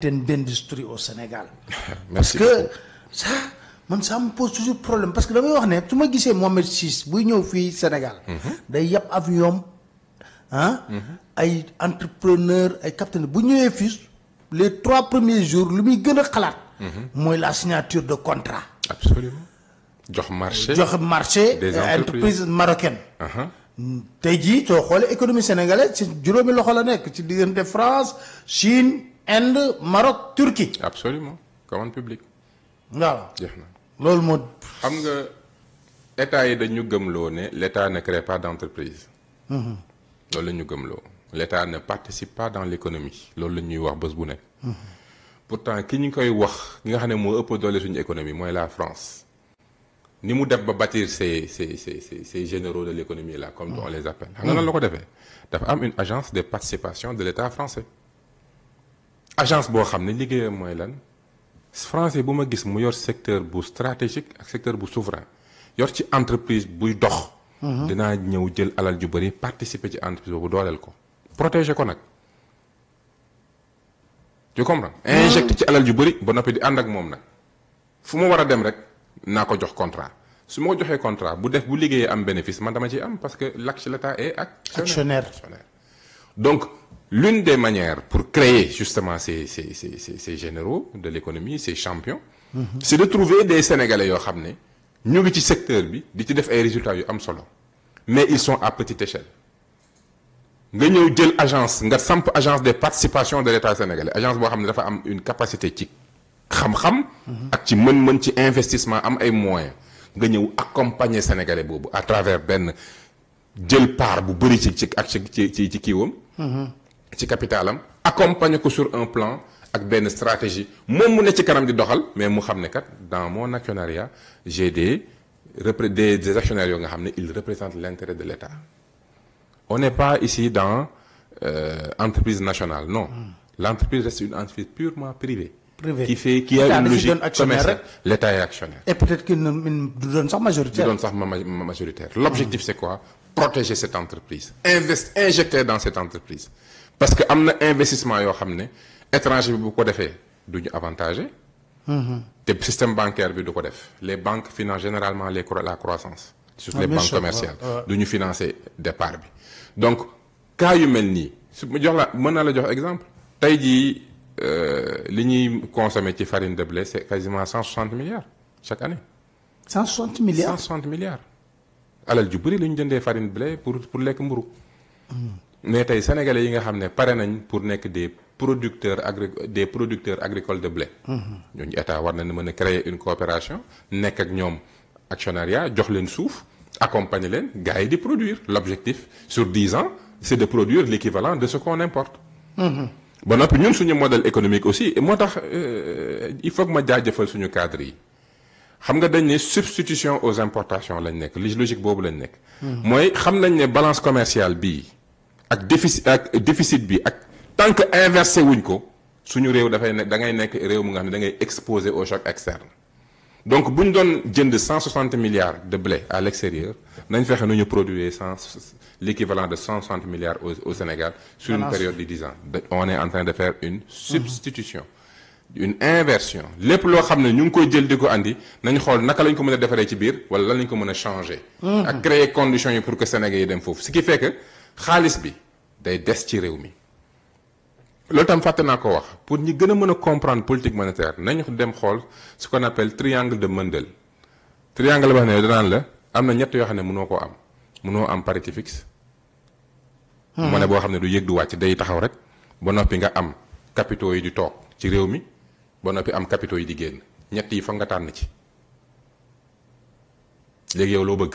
Ben d'industrie au Sénégal. parce que ça ça me pose toujours problème parce que damay wax ne moi, ma Si Mohamed VI buy ñëw au Sénégal. Mhm. day un avion un ah, mhm. entrepreneur ay capitaine bu ñëwee fii les trois premiers jours lu plus a mhm. la signature de contrat. absolument jox marché jox marché. des entreprises marocaines. Uh-huh. tey tu vois, l'économie sénégalaise ci juróomi tu la nekk ci France Chine. Inde Maroc Turquie. absolument commande publique. voilà jeex na loolu moo. xam nga état yi dañu ne crée pas d'entreprise. entreprise. Mhm. loolu la ñu L'État ne participe pas dans l'économie. économie loolu la wax bés bu mhm. pourtant ki n'y koy wax ki nga xam ne moo ëpp doole suñu économie mooy la France ni mu def bâtir ces ces ces ces généraux de l'économie là comme mhm. on les appelle. xam nga nan la ko am une agence de participation de l'État français agence boo xam ne liggéeyam mooy lan français bu ma gis mu yor secteur bu stratégique ak secteur bu souverain yor ci entreprise buy dox. Mhm. dinaa ñëw jël alal ju bëri participer ci entreprise boobu dooleel ko. protéger ko nag tu comprends. Mhm. injecté ci alal ju bon ba noppi di ànd ak moom nag fu mu war a dem rek naa ko jox contrat su ma contrat bu def bu am bénéfice man dama ciy am parce que l' est actionnaire donc. L'une des manières pour créer justement ces, ces, ces, ces généraux de l'économie, ces champions, mhm. c'est de trouver des Sénégalais qui savent nous, ngi ci secteur bi résultats am solo mais ils sont à petite échelle Nous avons des agence nga samp agence des de l'État sénégalais L'agence a une capacité qui xam-xam mhm. ak ci mën ci investissement am ay moyens nga accompagner sénégalais à travers des jël part bu bari ci ci capital accompagne sur un plan avec une stratégie moom mu ne ci kanam di doxal mais mu xam kat dans mon actionnariat j'ai des actionnaires qui nga ils représentent l'intérêt de l'État on n'est pas ici dans euh, entreprise nationale non hmm. l'entreprise reste une entreprise purement privée. privée qui fait qui a une logique commerciale hein. l'État est actionnaire. et peut-être qu'il nous sa majorité. majoritaire. l'objectif hmm. c'est quoi protéger cette entreprise Investir, injecter dans cette entreprise parce que l'investissement investissement yo xamné étranger bi bu ko duñu du ñu avantagé. Mhm. Le système bancaire bi du les banques financent généralement les la croissance. sur ah, les banques commerciales du nous financer des bi. donc quand yu mel nii Je vous jox la un exemple Aujourd'hui, euh, li ñuy consommer farine de blé c'est quasiment 160 milliards chaque année. 160 milliards 160 milliards. alal ju bëri la des farine de blé pour pour lekk mburu hmm mais tay sénégalais yi nga xamné paré nañ pour nekk des producteurs des producteurs agricoles de blé. Mm-hmm. ñooñu état war nañ mën créer une coopération nekk ak ñom actionnariat jox leen suuf accompagner leen gars yi di produire l'objectif sur 10 ans c'est de produire l'équivalent de ce qu'on importe. Mm-hmm. Bon, après ñun suñu modèle économique aussi Moi, tax euh, il faut que ma jaajëfal suñu cadre yi xam nga dañ ne substitution aux importations lañ nekk logique bobu lañ nekk. moy mm-hmm. xam nañ ne balance commerciale bi ak déficit déficit bi ak tant que inversé wuñ ko suñu réew fay nek da ngay nek réew mu nga da ngay exposé au choc externe donc si ñu doon jënd 160 milliards de blé à l'extérieur nañ fexé ñu produire l'équivalent de 160 milliards au au Sénégal sur une période de 10 ans on est en train de faire une mhm. substitution une inversion lepp lo que ñu ngi koy jël di andi nañ xol naka lañ ko ci biir wala lañ ko changer mhm. ak créer conditions pour que Sénégal dem foofu ce qui fait que xaalis bi day des ci réew mi loolu tam fàtte naa ko wax pour ñi gën a mën a comprendre politique monétaire nañu dem xool ce qu'on appelle triangle de Mendel triangle ba xam ne danaan la am na ñett yoo xam ne mënoo koo am mënoo am parité fixe hmm. monnaie boo xam ne du yëg du wàcc day taxaw rek ba noppi nga am capitaux yi di toog ci réew mi ba noppi am capitaux yi di génn ñett yi fa nga tànn ci léegi yow loo bëgg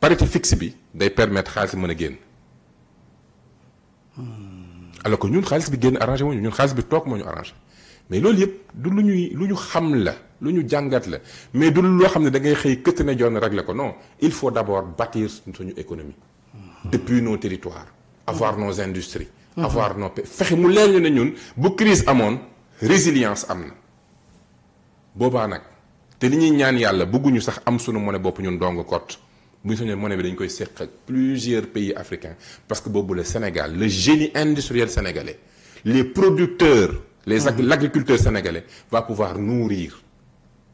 parité fixe bi day permettre xaalis mën a génn hmm. alors que ñun xaalis bi génn arrangé wu ñun xaalis bi toog moo ñu arrangé mais loolu yëpp du lu ñuy lu ñu xam la lu ñu jàngat la mais du loo xam ne da ngay xëy këtt ne joon réglé ko non il faut d' abord bâtir suñu économie. Hmm. depuis nos territoires. avoir hmm. nos industries. avoir nos fexe mu leer ñu ne ñun bu crise amoon résilience am na boobaa nag te li ñuy ñaan yàlla bëgguñu sax am sunu monnaie bopp ñun dong kot. Nous avons soññee monnaie bi dañ plusieurs pays africains parce que le Sénégal le génie industriel sénégalais les producteurs les ah. l'agriculteur sénégalais va pouvoir nourrir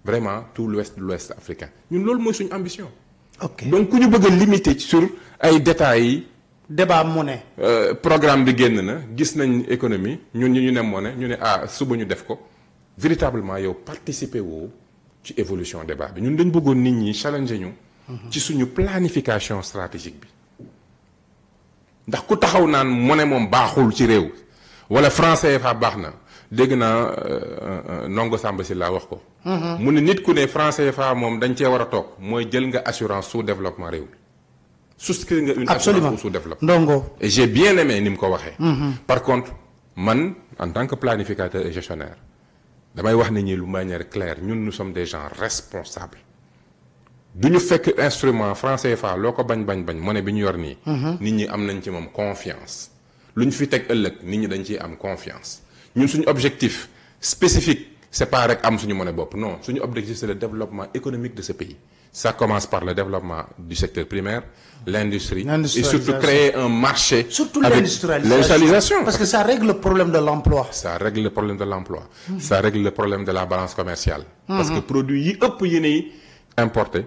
vraiment tout l'ouest africain Nous avons une ambition donc nous ne limiter sur les détails débat monnaie euh, programme de l'économie. Nous, gis nañ économie ñun ñu monnaie ñu ah véritablement participer à l'évolution du débat Nous ñun nous challenger ci suñu planification stratégique bi ndax ku taxaw naan mu ne moom baaxul ci réew wala français fa baax na dégg naa euh, euh, nongo Samba si laa wax ko. Mhm. mu ne nit ku ne français fa moom dañ cee war a toog mooy jël nga assurance sous développement réew souscrire nga une assurance pour sous développement Ndongo et j'ai bien aimé ni mu ko waxee. Mhm. par contre man en tant que planificateur et gestionnaire damay wax nit ñi lu manière claire ñun nous sommes des gens responsables du fait fekk instrument français fa loo ko bañ bañ bañ monnaie bi ñu yor nii. Mhm. nit ñi am confiance. Nous avons fi teg ëllëg nit ñi dañ am confiance ñun objectif spécifique c'est pas rek am suñu monnaie bopp non suñu objectif c'est le développement économique de ce pays. Ça commence par le développement du secteur primaire, l'industrie, et surtout créer un marché. Surtout l'industrialisation. Parce que ça règle le problème de l'emploi. Ça règle le problème de l'emploi. Mhm. Ça règle le problème de la balance commerciale. Mhm. Parce que produits, importé.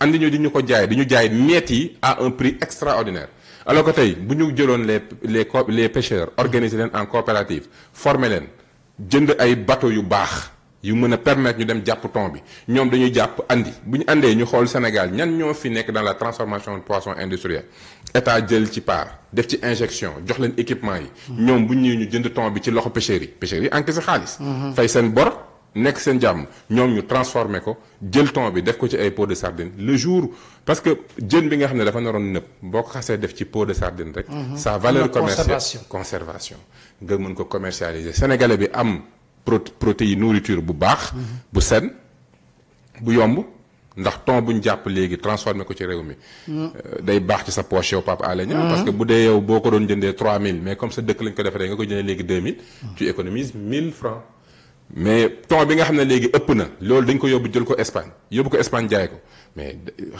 andi ñu di ñu ko jaay di ñu jaay miettes yi à un prix extraordinaire alors que tay bu ñu jëloon les les les pêcheurs organiser len en coopérative former len jënd ay bateaux yu bax yu mëna a permettre ñu dem japp ton bi ñom dañuy japp andi buñ andé ñu xol Sénégal ñan ñoo fi que dans la transformation de poisson industriel état jël ci part def ci injection jox len équipement yi. ñom buñ ñu ñu jënd ton bi ci loxo pêcheurs yi pêcheurs yi encaissé xaalis. Mhm. fay sen bor nek sen jam ñom ñu transformer ko jël ton bi def ko ci ay pot de sardine le jour parce que jën bi nga xam ne dafa naron neub boo xasse def ci pot de sardine rek. Mhm. sa valeur commerciale conservation nga mën ko commercialiser sénégalais bi am pro protéine nourriture bu bax mhm. bu sen bu yomb. ndax ton bu japp légui transformer ko ci réew mi. Mhm. Euh, day bax ci sa poche yow Pape Alé parce que bu dee yow boko ko jëndé 3000 mais comme sa dëkk lañ ko défé nga ko jëndé légui 2000. tu économises 1000 francs mais ton bi nga xam ne léegi ëpp na loolu dañ ko yóbbu jël ko Espagne yóbbu ko Espagne jaay ko mais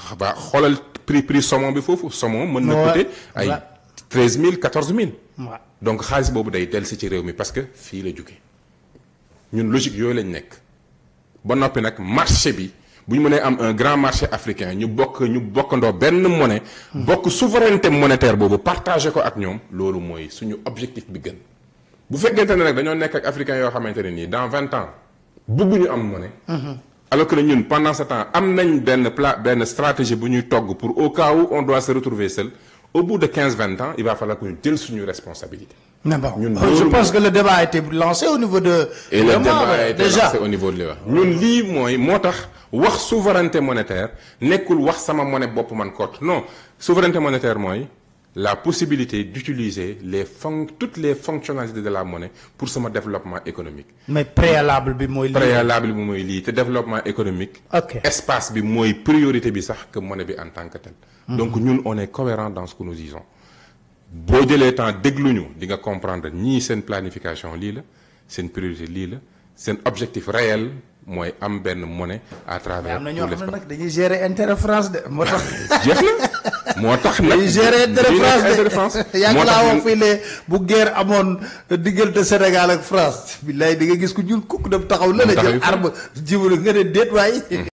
xabaa xoolal prix prix saumon bi foofu saumon mën na coûter ay treize mille quatorze mille donc xaalis boobu day dellu si ci réew mi parce que fii la jóge ñun logique yooyu lañ nekk ba noppi nag marché bi bu ñu mënee am un grand marché africain ñu bokk ñu bokkandoo benn monnaie hmm. bokk souveraineté monétaire boobu partagé ko ak ñoom loolu mooy suñu objectif bi gën vous faites ne nag dañoo africains yoo xamante dans 20 ans beaucoup am monnaie. Mhm. alors que nous, pendant ce temps nous avons une stratégie pour au cas où on doit se retrouver seul au bout de 15-20 ans il va falloir que nous jël suñu responsabilité. mais je pense que le débat a été lancé au niveau de. et le débat a été lancé au niveau de Nous, nous, nous que motax wax souveraineté monétaire nekul wax sama monnaie bop man kott non souveraineté monétaire moy la possibilité d'utiliser les toutes les fonctionnalités de la monnaie pour son développement économique. mais préalable bi moy préalable bi développement économique. ok espace bi moy priorité bi sax que monnaie bi en tant que telle. Hmm. donc nous on est cohérent dans ce que nous disons. boo jëlee temps dégluñu di nga comprendre ni une planification lille la une priorité li la un objectif réel. moy am ben monnaie à travers. am gérer France moo tax nag gérer de France de yàgg laa wax fii ne bu guerre amoon diggante Sénégal ak France billaay di nga gis ku ñuul kukk dem taxaw la ne jël arme jiw nga ne déet waay mm.